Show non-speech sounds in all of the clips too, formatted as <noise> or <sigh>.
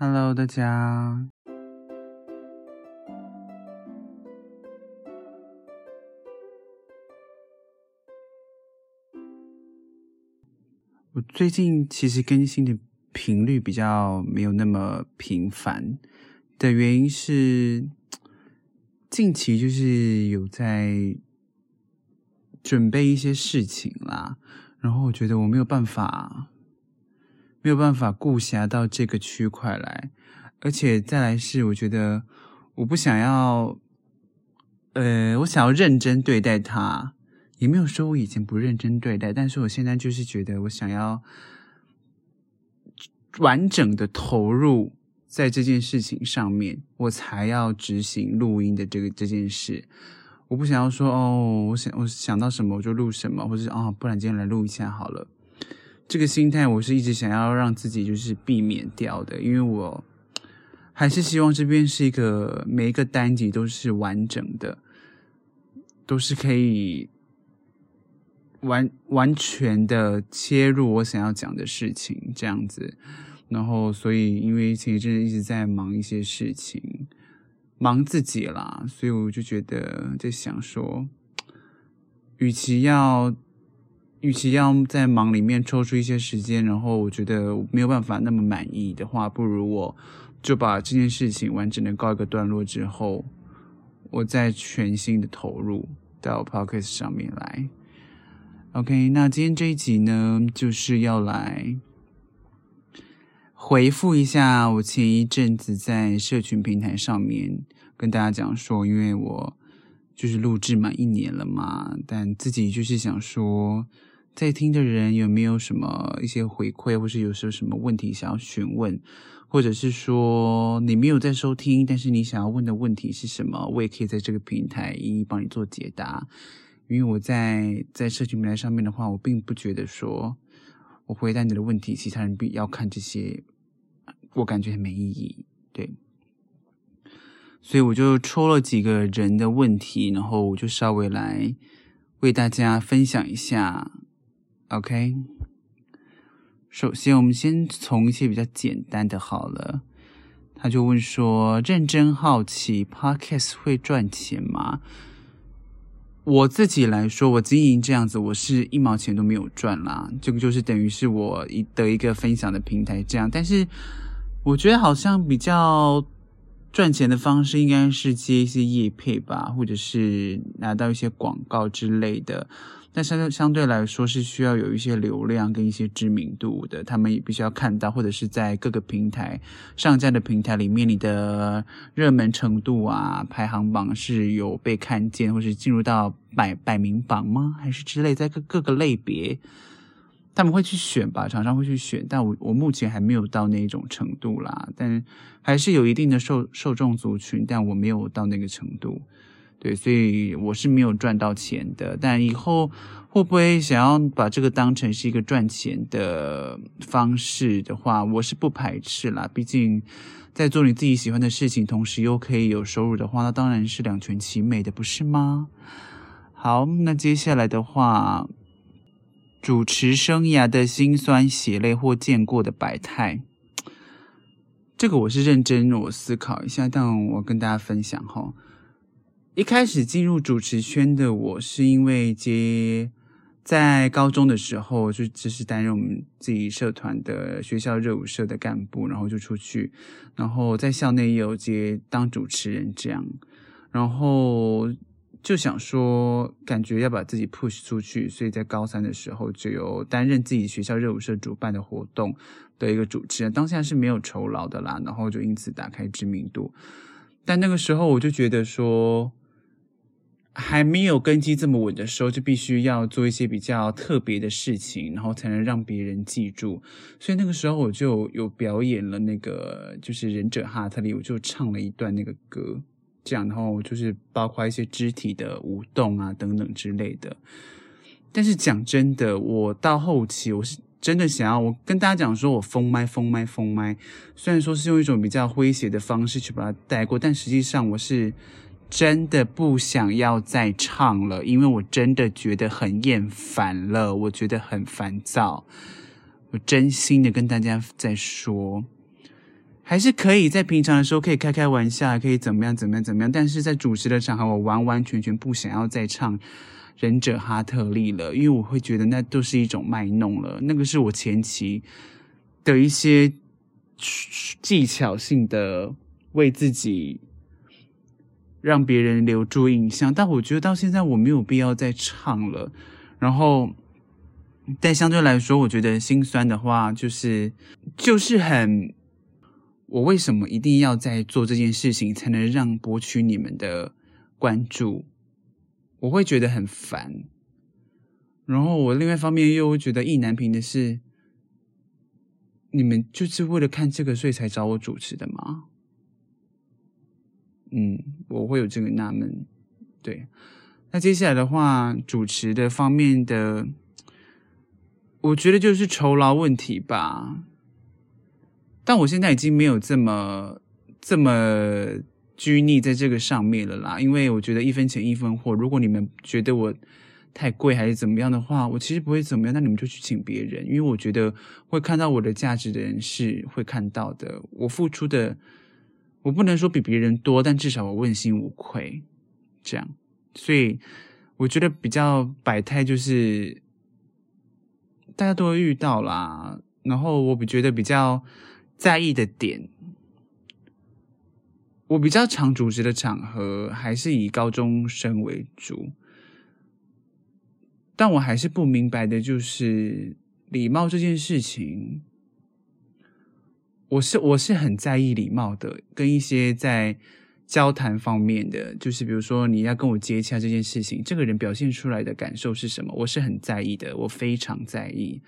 Hello，大家。我最近其實更新的頻率比較沒有那麼頻繁的原因是近期就是有在準備一些事情啦，然後我覺得我沒有辦法。沒有辦法顧轄到這個區塊來，而且再來是，我覺得我不想要，呃，我想要認真對待它，也沒有說我以前不認真對待，但是我現在就是覺得我想要完整的投入在這件事情上面，我才要執行錄音的這個這件事。我不想要說哦，我想我想到什麼我就錄什麼，或者哦，不然今天來錄一下好了。這個心態，我是一直想要讓自己就是避免掉的，因為我還是希望這邊是一個每一個單集都是完整的，都是可以完完全的切入我想要講的事情這樣子。然後，所以因為其實真的一直在忙一些事情，忙自己啦，所以我就覺得在想說，與其要。與其要在忙裡面抽出一些時間，然後我覺得沒有辦法那麼滿意的話，不如我就把這件事情完整的告一個段落之後，我再全新的投入到 Podcast 上面來。OK，那今天這一集呢，就是要來回復一下我前一陣子在社群平台上面跟大家講說，因為我就是錄製滿一年了嘛，但自己就是想說。在聽的人有沒有什麼一些回饋，或是有時候什麼問題想要詢問，或者是說你沒有在收聽，但是你想要問的問題是什麼，我也可以在這個平台一一幫你做解答。因為我在在社群平台上面的話，我並不覺得說我回答你的問題，其他人必要看這些，我感覺很沒意義。對，所以我就抽了幾個人的問題，然後我就稍微來為大家分享一下。OK，首先我們先從一些比較簡單的好了。他就問說：“認真好奇，Podcast 會賺錢嗎？”我自己來說，我經營這樣子，我是一毛錢都沒有賺啦。這個就是等於是我一的一個分享的平台這樣。但是我覺得好像比較賺錢的方式應該是接一些業配吧，或者是拿到一些廣告之類的。那相相對來說是需要有一些流量跟一些知名度的，他們也必須要看到，或者是在各個平台上架的平台裡面你的熱門程度啊，排行榜是有被看見，或是進入到百百名榜嗎？還是之類在各個類別，他們會去選吧，常常會去選，但我我目前還沒有到那種程度啦，但還是有一定的受受眾族群，但我沒有到那個程度。對，所以我是沒有賺到錢的。但以後會不會想要把這個當成是一個賺錢的方式的話，我是不排斥啦。畢竟在做你自己喜歡的事情，同時又可以有收入的話，那當然是兩全其美的，不是嗎？好，那接下來的話，主持生涯的辛酸血淚或見過的百態，這個我是認真我思考一下，但我跟大家分享哈。一開始進入主持圈的我是因為接在高中的時候，就只是擔任我們自己社團的學校熱舞社的幹部，然後就出去，然後在校內也有接當主持人這樣，然後就想說感覺要把自己 push 出去，所以在高三的時候就有擔任自己學校熱舞社主辦的活動的一個主持人，當下是沒有酬勞的啦，然後就因此打開知名度，但那個時候我就覺得說。還沒有根基這麼穩的時候，就必須要做一些比較特別的事情，然後才能讓別人記住。所以那個時候我就有表演了那個，就是忍者哈特利，我就唱了一段那個歌，這樣，然後就是包括一些肢體的舞動啊等等之類的。但是講真的，我到後期我是真的想要，我跟大家講說我封麥、封麥、封麥，雖然說是用一種比較詼諧的方式去把它帶過，但實際上我是。真的不想要再唱了，因為我真的覺得很厭煩了，我覺得很煩躁。我真心的跟大家在說，還是可以在平常的時候可以開開玩笑，可以怎麼樣怎麼樣怎麼樣。但是在主持的場合，我完完全全不想要再唱《忍者哈特利》了，因為我會覺得那都是一種賣弄了。那個是我前期的一些技巧性的為自己。讓別人留住印象，但我覺得到現在我沒有必要再唱了。然後，但相對來說，我覺得心酸的話就是，就是很，我為什麼一定要在做這件事情才能讓博取你們的關注？我會覺得很煩。然後我另外一方面又會覺得意難平的是，你們就是為了看這個稅才找我主持的嗎？嗯，我會有這個納悶，對。那接下來的話，主持的方面的，我覺得就是酬勞問題吧。但我現在已經沒有這麼這麼拘泥在這個上面了啦，因為我覺得一分錢一分貨。如果你們覺得我太貴還是怎麼樣的話，我其實不會怎麼樣。那你們就去請別人，因為我覺得會看到我的價值的人是會看到的，我付出的。我不能說比別人多，但至少我問心無愧，這樣。所以我覺得比較百態，就是大家都會遇到啦。然後我比覺得比較在意的點，我比較常主持的場合還是以高中生為主。但我還是不明白的就是禮貌這件事情。我是我是很在意禮貌的，跟一些在交談方面的，就是比如說你要跟我接洽這件事情，這個人表現出來的感受是什麼，我是很在意的，我非常在意。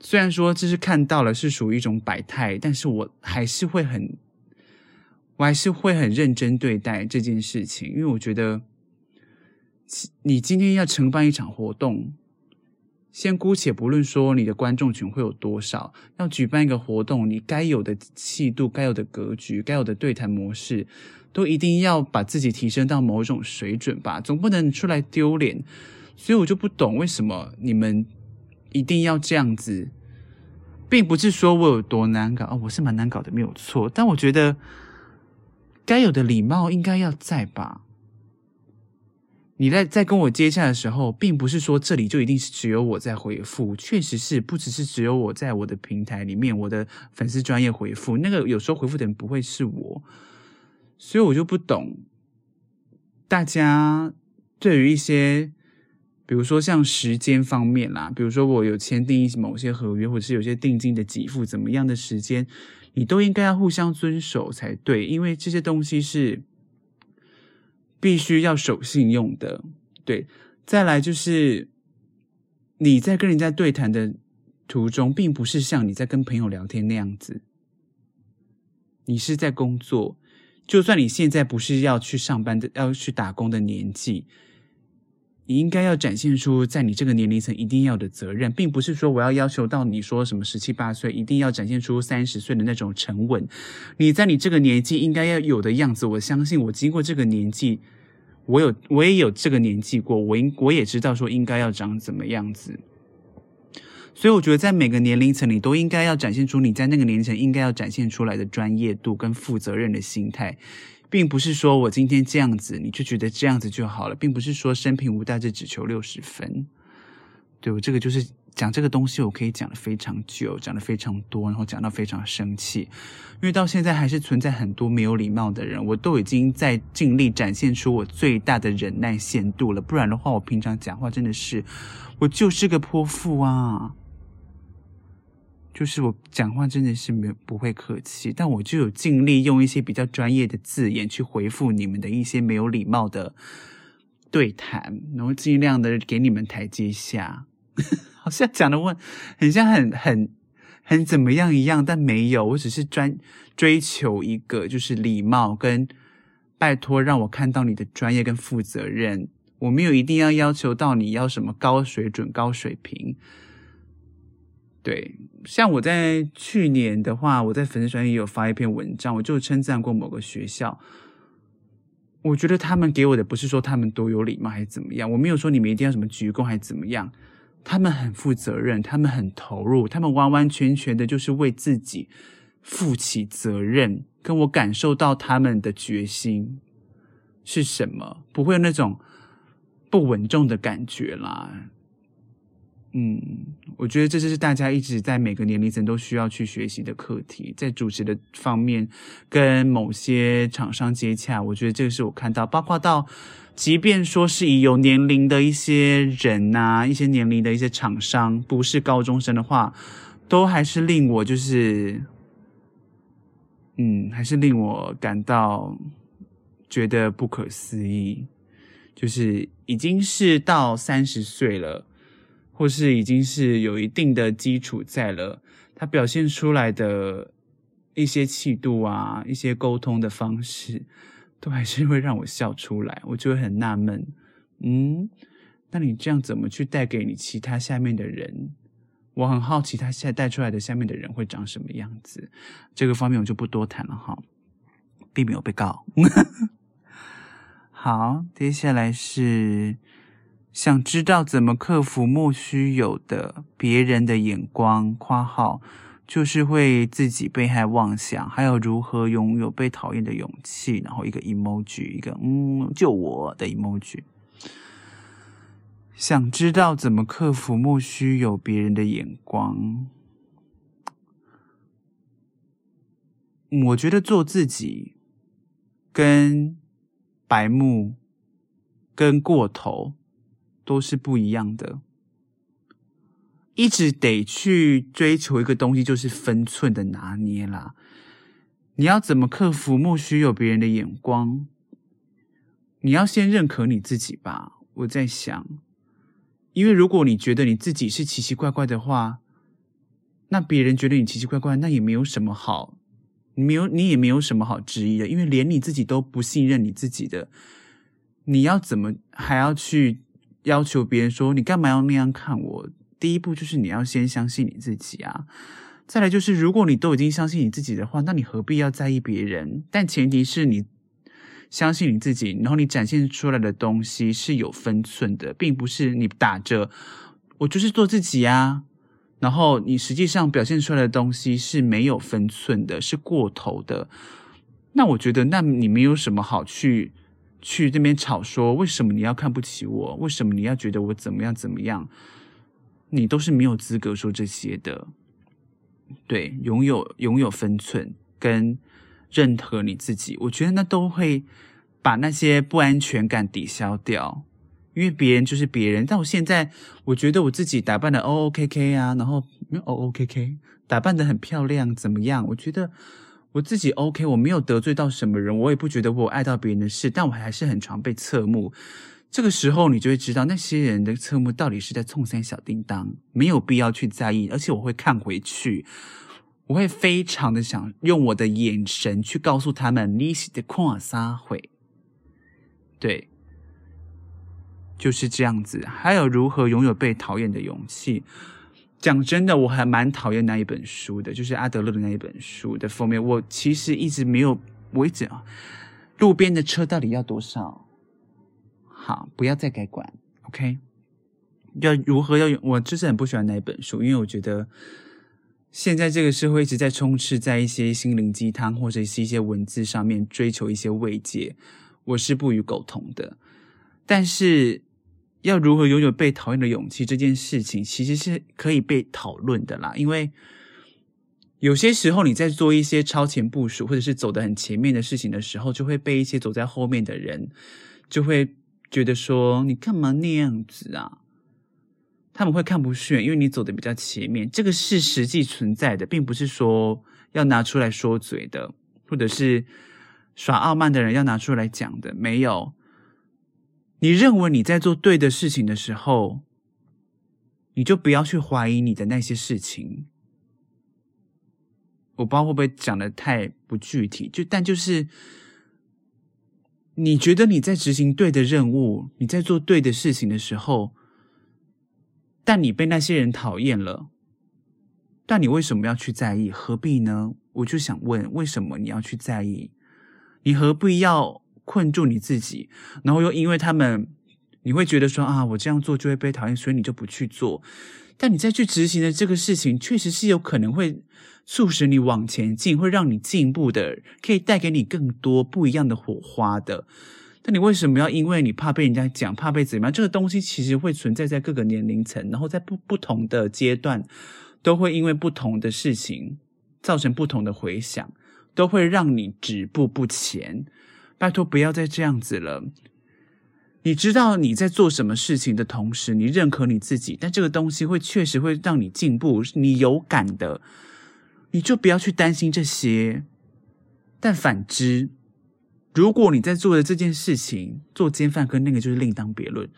雖然說這是看到了是屬於一種百態，但是我還是會很，我還是會很認真對待這件事情，因為我覺得，你今天要承辦一場活動。先姑且不論說你的觀眾群會有多少，要舉辦一個活動，你該有的氣度、該有的格局、該有的對談模式，都一定要把自己提升到某種水準吧，總不能出來丟臉。所以我就不懂為什麼你們一定要這樣子，並不是說我有多難搞，哦，我是蠻難搞的，沒有錯，但我覺得該有的禮貌應該要在吧。你在在跟我接洽的時候，並不是說這裡就一定是只有我在回覆，確實是不只是只有我在我的平台裡面，我的粉絲專頁回覆，那個有時候回覆的人不會是我，所以我就不懂，大家對於一些，比如說像時間方面啦，比如說我有簽訂某些合約或者是有些定金的給付怎麼樣的時間，你都應該要互相遵守才對，因為這些東西是。必須要守信用的，對。再來就是，你在跟人家對談的途中，並不是像你在跟朋友聊天那樣子，你是在工作。就算你現在不是要去上班的，要去打工的年紀。你應該要展現出在你這個年齡層一定要的責任，並不是說我要要求到你說什麼十七八歲一定要展現出三十歲的那種沉穩。你在你這個年紀應該要有的樣子，我相信我經過這個年紀，我有我也有這個年紀過，我應我也知道說應該要長怎麼樣子。所以我覺得在每個年齡層，你都應該要展現出你在那個年層應該要展現出來的專業度跟負責任的心態。並不是說我今天這樣子，你就覺得這樣子就好了，並不是說生平無大志，只求六十分。對，我這個就是講這個東西，我可以講得非常久，講得非常多，然後講到非常生氣，因為到現在還是存在很多沒有禮貌的人，我都已經在盡力展現出我最大的忍耐限度了，不然的話，我平常講話真的是，我就是個潑婦啊。就是我講話真的是沒有，不會客氣，但我就有盡力用一些比較專業的字眼去回復你們的一些沒有禮貌的對談，然後盡量的給你們台階下。 <laughs> 好像講的問，很像很很很怎麼樣一樣，但沒有，我只是專追求一個就是禮貌跟拜托，讓我看到你的專業跟負責任。我沒有一定要要求到你要什麼高水準、高水平。對，像我在去年的話，我在粉絲團也有發一篇文章，我就稱讚過某個學校。我覺得他們給我的不是說他們多有禮貌還是怎麼樣，我沒有說你們一定要什麼鞠躬還是怎麼樣。他們很負責任，他們很投入，他們完完全全的就是為自己負起責任，跟我感受到他們的決心是什麼，不會有那種不穩重的感覺啦。嗯，我覺得這就是大家一直在每個年齡層都需要去學習的課題。在主持的方面，跟某些廠商接洽，我覺得這個是我看到，包括到，即便說是已有年齡的一些人吶、啊，一些年齡的一些廠商，不是高中生的話，都還是令我就是，嗯，還是令我感到覺得不可思議，就是已經是到三十歲了。或是已經是有一定的基礎在了，他表現出來的一些氣度啊，一些溝通的方式，都還是會讓我笑出來。我就會很納悶，嗯，那你這樣怎麼去帶給你其他下面的人？我很好奇他現在帶出來的下面的人會長什麼樣子。這個方面我就不多談了哈，並沒有被告。 <laughs> 好，接下來是。想知道怎麼克服莫須有的別人的眼光，括號就是會自己被害妄想，還有如何擁有被討厭的勇氣。然後一個 emoji，一個嗯，就我的 emoji。想知道怎麼克服莫須有別人的眼光，我覺得做自己跟白目跟過頭都是不一樣的，一直得去追求一個東西，就是分寸的拿捏啦。你要怎麼克服莫須有別人的眼光？你要先認可你自己吧。我在想，因為如果你覺得你自己是奇奇怪怪的話，那別人覺得你奇奇怪怪，那也沒有什麼好，你沒有，你也沒有什麼好質疑的，因為連你自己都不信任你自己的，你要怎麼還要去？要求別人說，你幹嘛要那樣看我？第一步就是你要先相信你自己啊！再來就是，如果你都已經相信你自己的話，那你何必要在意別人？但前提是你相信你自己，然後你展現出來的東西是有分寸的，並不是你打着我就是做自己呀。然後你實際上表現出來的東西是沒有分寸的，是過頭的。那我覺得，那你沒有什麼好去。去那邊吵說，為什麼你要看不起我？為什麼你要覺得我怎麼樣怎麼樣？你都是沒有資格說這些的。對，擁有擁有分寸跟認可你自己，我覺得那都會把那些不安全感抵消掉。因為別人就是別人，但我現在我覺得我自己打扮得 O O K K 啊，然後 O O K K 打扮得很漂亮，怎麼樣？我覺得。我自己 OK，我沒有得罪到什麼人，我也不覺得我礙到別人的事，但我還是很常被側目。這個時候，你就會知道那些人的側目到底是在衝三小叮當，沒有必要去在意。而且我會看回去，我會非常的想用我的眼神去告訴他們你是在狂沙會，對，就是這樣子。還有如何擁有被討厭的勇氣。講真的，我還蠻討厭那一本書的，就是阿德勒的那一本書的封面。我其實一直沒有，我一直啊。路邊的車到底要多少？好，不要再改管。OK，要如何要我就是很不喜歡那一本書，因為我覺得現在這個社會一直在充斥在一些心靈雞湯或者是一些文字上面追求一些慰藉，我是不予苟同的。但是。要如何擁有被討厭的勇氣這件事情，其實是可以被討論的啦。因為有些時候你在做一些超前部署，或者是走的很前面的事情的時候，就會被一些走在後面的人就會覺得說你幹嘛那樣子啊？他們會看不順，因為你走的比較前面，這個是實際存在的，並不是說要拿出來說嘴的，或者是耍傲慢的人要拿出來講的，沒有。你認為你在做對的事情的時候，你就不要去懷疑你的那些事情。我不知道會不會講得太不具體，就但就是你覺得你在執行對的任務，你在做對的事情的時候，但你被那些人討厭了，但你為什麼要去在意？何必呢？我就想問，為什麼你要去在意？你何必要？困住你自己，然後又因為他們，你會覺得說啊，我這樣做就會被討厭，所以你就不去做。但你再去執行的這個事情，確實是有可能會促使你往前進，會讓你進步的，可以帶給你更多不一樣的火花的。但你為什麼要因為你怕被人家講，怕被怎麼樣？這個東西其實會存在在各個年齡層，然後在不不同的階段，都會因為不同的事情造成不同的回響，都會讓你止步不前。拜託不要再這樣子了！你知道你在做什麼事情的同時，你認可你自己，但這個東西會確實會讓你進步，你有感的，你就不要去擔心這些。但反之，如果你在做的這件事情做奸犯科，那個就是另當別論。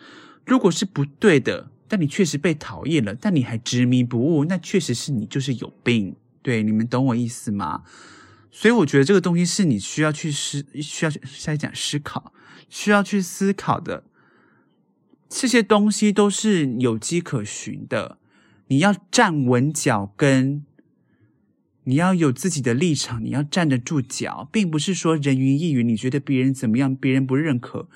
如果是不對的，但你確實被討厭了，但你還執迷不悟，那確實是你就是有病。對，你們懂我意思嗎？所以我覺得這個東西是你需要去思，需要下一講思考，需要去思考的。這些東西都是有跡可循的。你要站穩腳跟，你要有自己的立場，你要站得住腳，並不是說人云亦云。你覺得別人怎麼樣，別人不認可。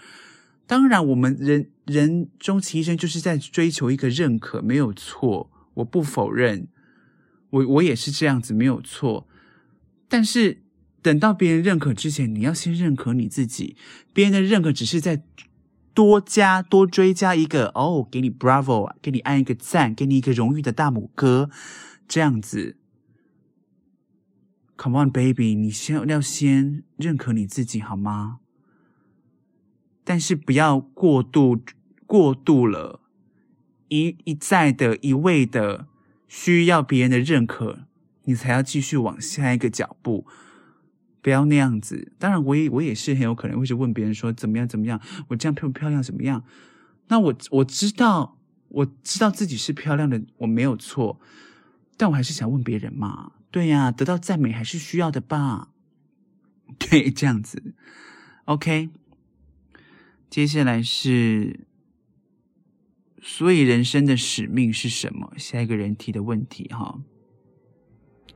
當然，我們人人終其一生就是在追求一個認可，沒有錯，我不否認。我我也是這樣子，沒有錯。但是等到別人認可之前，你要先認可你自己。別人的認可只是在多加、多追加一個哦，給你 bravo，給你按一個讚，給你一個榮譽的大拇哥，這樣子。Come on baby，你先要，要先認可你自己好嗎？但是不要過度、過度了，一一再的一味的需要別人的認可。你才要繼續往下一個腳步，不要那樣子。當然，我也我也是很有可能會去問別人說怎麼樣怎麼樣，我這樣漂不漂亮？怎麼樣？那我我知道我知道自己是漂亮的，我沒有錯，但我還是想問別人嘛。對呀、啊，得到讚美還是需要的吧？對，這樣子。OK，接下來是，所以人生的使命是什麼？下一個人提的問題哈。哦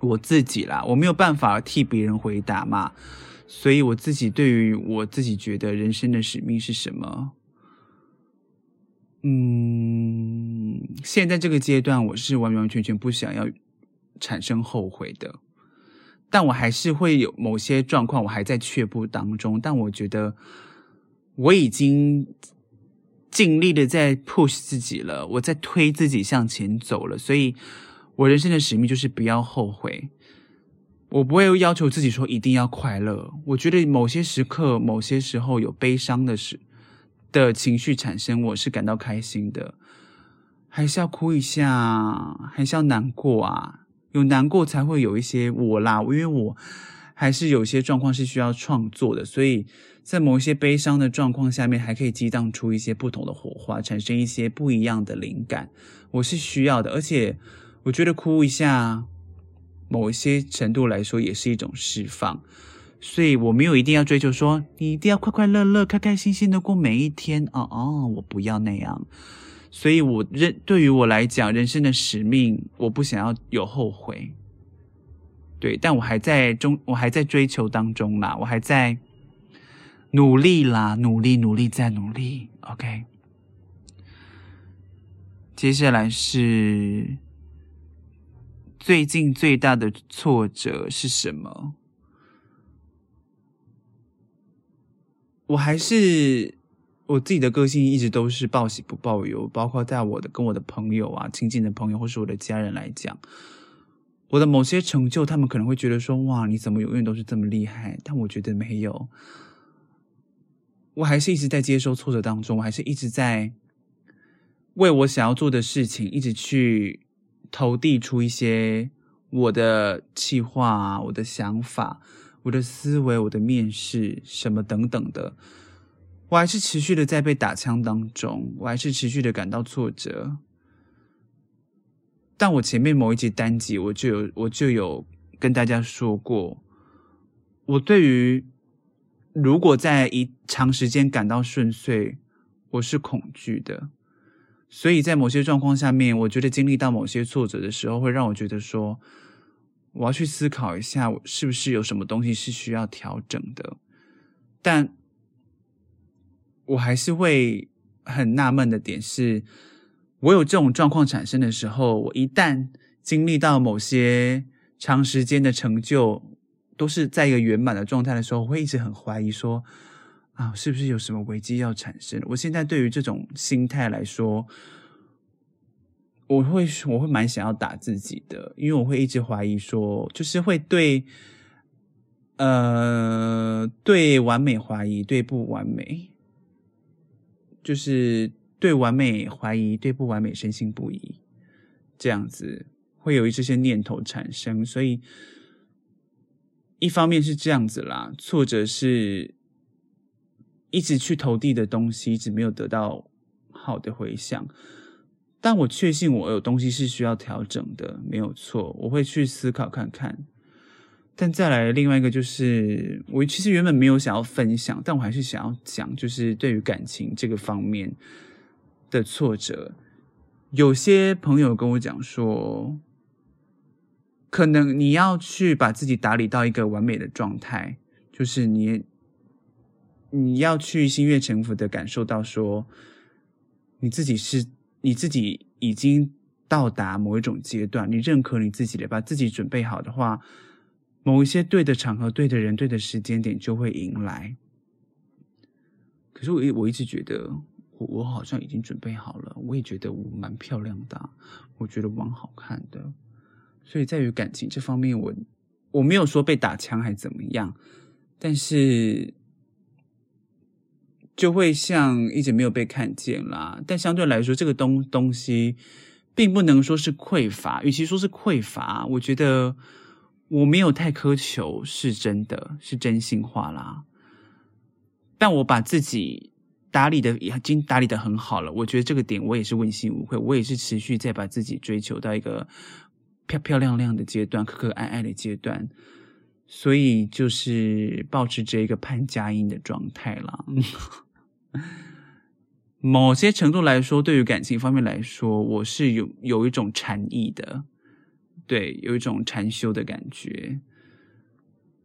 我自己啦，我沒有辦法替別人回答嘛，所以我自己對於我自己覺得人生的使命是什麼，嗯，現在這個階段我是完完全全不想要產生後悔的，但我還是會有某些狀況，我還在卻步當中，但我覺得我已經盡力的在 push 自己了，我在推自己向前走了，所以。我人生的使命就是不要後悔。我不會要求自己說一定要快樂。我覺得某些時刻、某些時候有悲傷的事的情緒產生，我是感到開心的。還是要哭一下，還是要難過啊？有難過才會有一些我啦。因為我還是有些狀況是需要創作的，所以在某一些悲傷的狀況下面，還可以激盪出一些不同的火花，產生一些不一樣的靈感，我是需要的。而且。我覺得哭一下，某一些程度來說也是一種釋放，所以我沒有一定要追求說你一定要快快樂樂、開開心心的過每一天。哦哦，我不要那樣，所以我認，對於我來講，人生的使命，我不想要有後悔。對，但我還在中，我還在追求當中啦，我還在努力啦，努力努力再努力。OK，接下來是。最近最大的挫折是什麼？我還是我自己的個性一直都是報喜不報憂，包括在我的跟我的朋友啊、親近的朋友或是我的家人來講，我的某些成就，他們可能會覺得說：“哇，你怎麼永遠都是這麼厲害？”但我覺得沒有，我還是一直在接受挫折當中，我還是一直在為我想要做的事情，一直去。投遞出一些我的企劃啊、我的想法、我的思維、我的面試什麼等等的，我還是持續的在被打槍當中，我還是持續的感到挫折。但我前面某一集單集，我就有我就有跟大家說過，我對於如果在一長時間感到順遂，我是恐懼的。所以在某些狀況下面，我覺得經歷到某些挫折的時候，會讓我覺得說，我要去思考一下，我是不是有什麼東西是需要調整的。但我還是會很納悶的點是，我有這種狀況產生的時候，我一旦經歷到某些長時間的成就，都是在一個圓滿的狀態的時候，我會一直很懷疑說。啊，是不是有什麼危機要產生？我現在對於這種心態來說，我會我會蠻想要打自己的，因為我會一直懷疑說，就是會對，呃，對完美懷疑，對不完美，就是對完美懷疑，對不完美深信不疑，這樣子會有這些念頭產生，所以一方面是這樣子啦，挫折是。一直去投遞的東西，一直沒有得到好的回響。但我確信我有東西是需要調整的，沒有錯。我會去思考看看。但再來另外一個就是，我其實原本沒有想要分享，但我還是想要講，就是對於感情這個方面的挫折。有些朋友跟我講說，可能你要去把自己打理到一個完美的狀態，就是你。你要去心悅誠服的感受到說，說你自己是你自己已經到達某一種階段，你認可你自己的，把自己準備好的話，某一些對的場合、對的人、對的時間點就會迎來。可是我一我一直覺得，我我好像已經準備好了，我也覺得我蠻漂亮的，我覺得蠻好看的，所以在於感情這方面我，我我沒有說被打槍還怎麼樣，但是。就會像一直沒有被看見啦，但相對來說，這個東東西並不能說是匱乏，與其說是匱乏，我覺得我沒有太苛求，是真的是真心話啦。但我把自己打理的已經打理得很好了，我覺得這個點我也是問心無愧，我也是持續在把自己追求到一個漂漂亮亮的階段、可可愛愛的階段，所以就是保持着一個盼佳音的狀態啦。 <laughs> 某些程度來說，對於感情方面來說，我是有有一種禪意的，對，有一種禪修的感覺。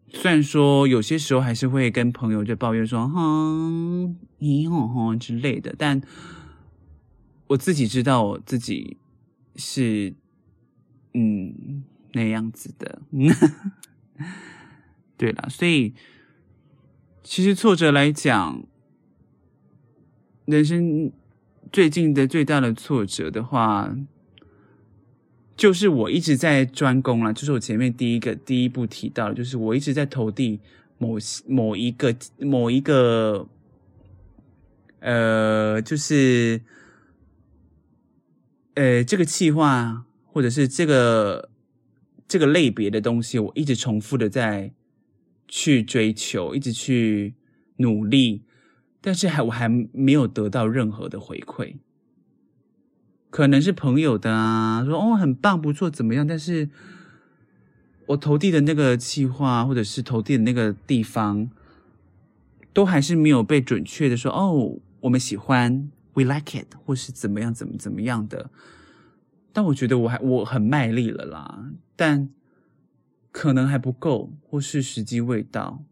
雖然說有些時候還是會跟朋友就抱怨說“哼，你好，哼之類的”，但我自己知道我自己是嗯那樣子的。 <laughs> 對啦，所以其實挫折來講。人生最近的最大的挫折的話，就是我一直在專攻了、啊，就是我前面第一個第一步提到的，就是我一直在投遞某某一個某一個，呃，就是，呃，這個企劃或者是這個這個類別的東西，我一直重複的在去追求，一直去努力。但是還我還沒有得到任何的回饋，可能是朋友的啊，說哦，很棒不錯怎麼樣？但是，我投遞的那個計劃或者是投遞的那個地方，都還是沒有被準確的說哦，我們喜歡 we like it 或是怎麼樣怎麼怎麼樣的。但我覺得我還我很賣力了啦，但可能還不夠，或是時機未到。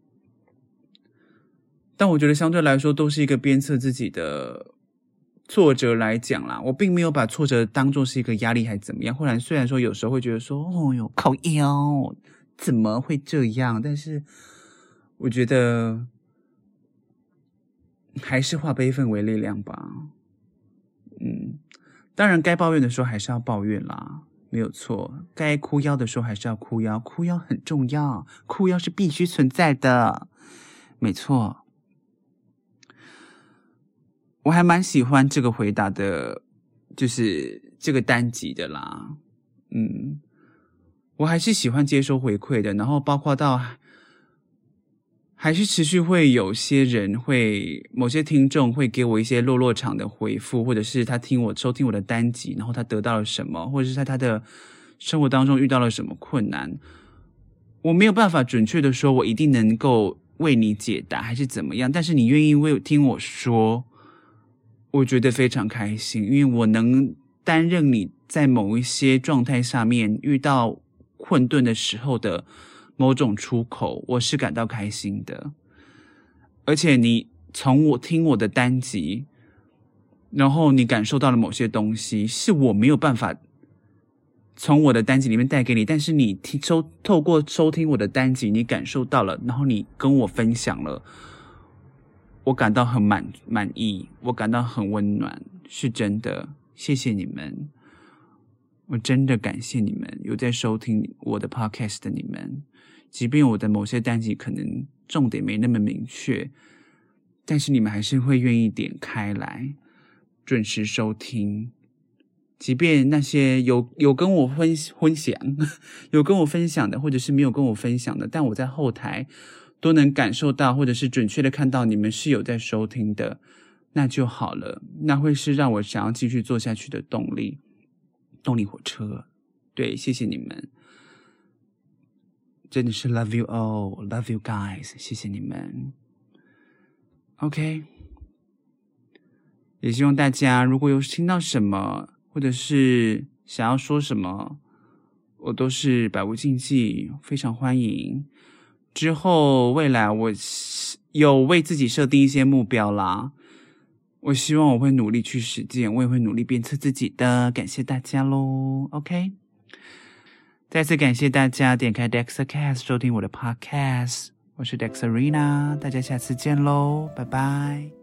但我覺得相對來說都是一個鞭策自己的挫折來講啦，我並沒有把挫折當作是一個壓力還怎麼樣。雖然雖然說有時候會覺得說，哦喲，靠腰，怎麼會這樣？但是我覺得還是化悲憤為力量吧。嗯，當然該抱怨的時候還是要抱怨啦，沒有錯。該靠腰的時候還是要靠腰，靠腰很重要，靠腰是必須存在的，沒錯。我還蠻喜歡這個回答的，就是這個單集的啦。嗯，我還是喜歡接收回饋的。然後包括到，還是持續會有些人會某些聽眾會給我一些落落場的回復，或者是他聽我收聽我的單集，然後他得到了什麼，或者是在他，他的生活當中遇到了什麼困難，我沒有辦法準確的說，我一定能夠為你解答還是怎麼樣。但是你願意為聽我說。我覺得非常開心，因為我能擔任你在某一些狀態下面遇到困頓的時候的某種出口，我是感到開心的。而且你從我聽我的單集，然後你感受到了某些東西，是我沒有辦法從我的單集裡面帶給你，但是你聽收透過收聽我的單集，你感受到了，然後你跟我分享了。我感到很滿滿意，我感到很溫暖，是真的。謝謝你們，我真的感謝你們，有在收聽我的 podcast 的你們，即便我的某些單集可能重點沒那麼明確，但是你們還是會願意點開來，準時收聽。即便那些有有跟我分分享， <laughs> 有跟我分享的，或者是沒有跟我分享的，但我在後台。都能感受到，或者是準確的看到你們是有在收聽的，那就好了。那會是讓我想要繼續做下去的動力，動力火車。對，謝謝你們，真的是 love you all，love you guys，謝謝你們。OK，也希望大家如果有聽到什麼，或者是想要說什麼，我都是百無禁忌，非常歡迎。之後，未來我有為自己設定一些目標啦。我希望我會努力去實踐，我也會努力鞭策自己的。感謝大家嘍，OK。再次感謝大家點開 Daxercast 收聽我的 podcast，我是 Dexterina，大家下次見嘍，拜拜。